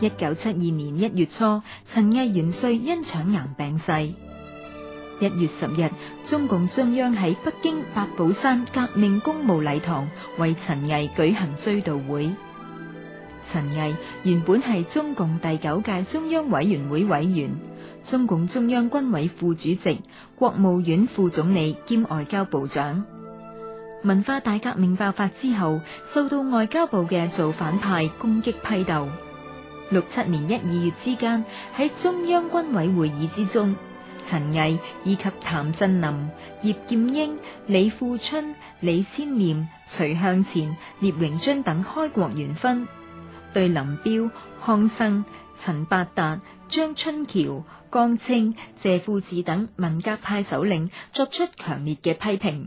一九七二年一月初，陳毅元帥因腸癌病逝。一月十日，中共中央喺北京八寶山革命公墓禮堂為陳毅舉行追悼會。陳毅原本係中共第九屆中央委員會委員、中共中央軍委副主席、國務院副總理兼外交部長。文化大革命爆發之後，受到外交部嘅造反派攻擊批鬥。六七年一二月之間，喺中央軍委會議之中，陳毅以及譚震林、葉劍英、李富春、李先念、徐向前、聶榮臻等開國元勳，對林彪、康生、陳伯達、張春橋、江青、謝富治等文革派首領作出強烈嘅批評。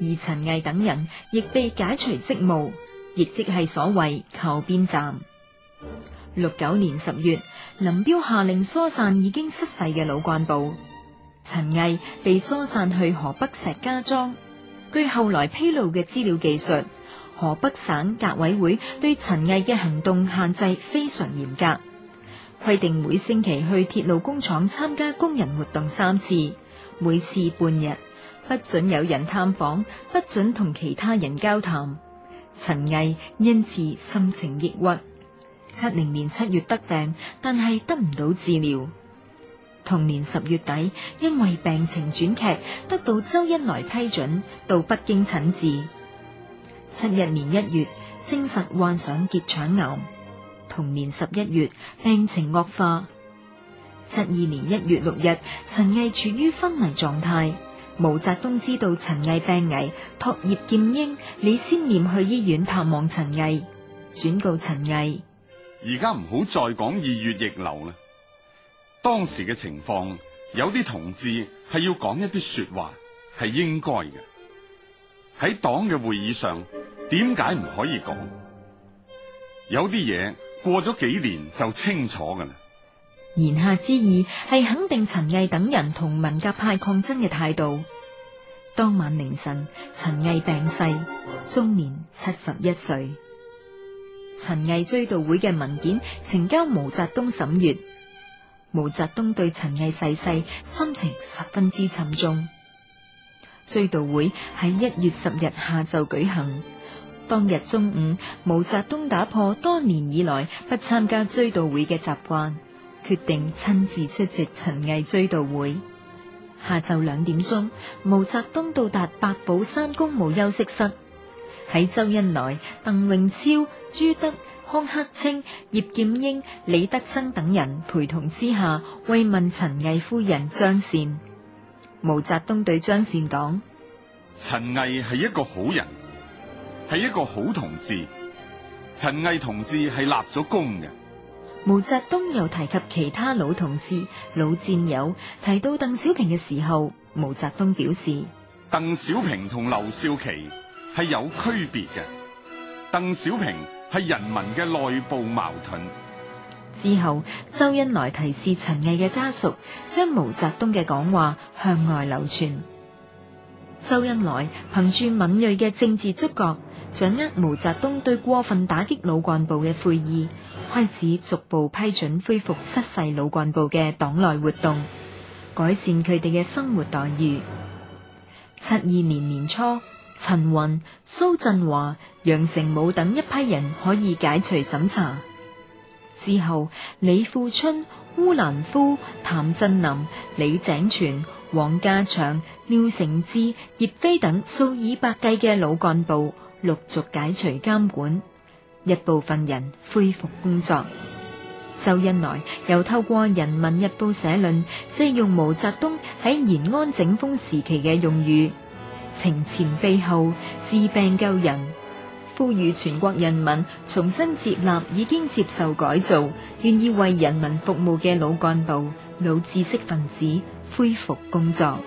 而陳毅等人亦被解除職務，亦即係所謂靠邊站。六九年十月，林彪下令疏散已經失勢嘅老幹部，陳毅被疏散去河北石家莊。據後來披露嘅資料技術，河北省革委會對陳毅嘅行動限制非常嚴格，規定每星期去鐵路工廠參加工人活動三次，每次半日。不准有人探訪，不准同其他人交談。陳毅因此心情抑鬱。七零年七月得病，但係得唔到治療。同年十月底，因為病情轉劇，得到周恩來批准到北京診治。七一年一月，證實患上結腸癌。同年十一月，病情惡化。七二年一月六日，陳毅處於昏迷狀態。毛澤東知道陳毅病危，託葉劍英、李先念去醫院探望陳毅，轉告陳毅：而家唔好再講二月逆流啦。當時嘅情況，有啲同志係要講一啲說話係應該嘅，喺黨嘅會議上，點解唔可以講？有啲嘢過咗幾年就清楚㗎喇。言下之意，係肯定陳毅等人同文革派抗爭嘅態度。當晚凌晨，陳毅病逝，終年七十一歲。陳毅追悼會嘅文件呈交毛澤東審閱，毛澤東對陳毅逝世心情十分之沉重。追悼會喺一月十日下晝舉行，當日中午，毛澤東打破多年以來不參加追悼會嘅習慣。決定親自出席陳毅追悼會。下晝兩點鐘，毛澤東到達八寶山公墓休息室。喺周恩來、鄧穎超、朱德、康克清、葉劍英、李德生等人陪同之下，慰問陳毅夫人張茜。毛澤東對張茜講：陳毅係一個好人，係一個好同志。陳毅同志係立咗功嘅。毛澤東又提及其他老同志、老戰友，提到鄧小平嘅時候，毛澤東表示：鄧小平同劉少奇係有區別嘅，鄧小平係人民嘅內部矛盾。之後，周恩來提示陳毅嘅家屬將毛澤東嘅講話向外流傳。周恩來憑住敏銳嘅政治觸覺。掌握毛澤東對過分打擊老幹部嘅悔意，開始逐步批准恢復失勢老幹部嘅黨內活動，改善佢哋嘅生活待遇。七二年年初，陳雲、蘇振華、楊成武等一批人可以解除審查之後，李富春、烏蘭夫、譚震林、李井泉、王家祥、廖承志、葉飛等數以百計嘅老幹部，陸續解除監管，一部分人恢復工作。周恩來又透過人民日報社論，借用毛澤東喺延安整風時期嘅用語，懲前毖後，治病救人，呼籲全國人民重新接納已經接受改造、願意為人民服務嘅老幹部、老知識分子恢復工作。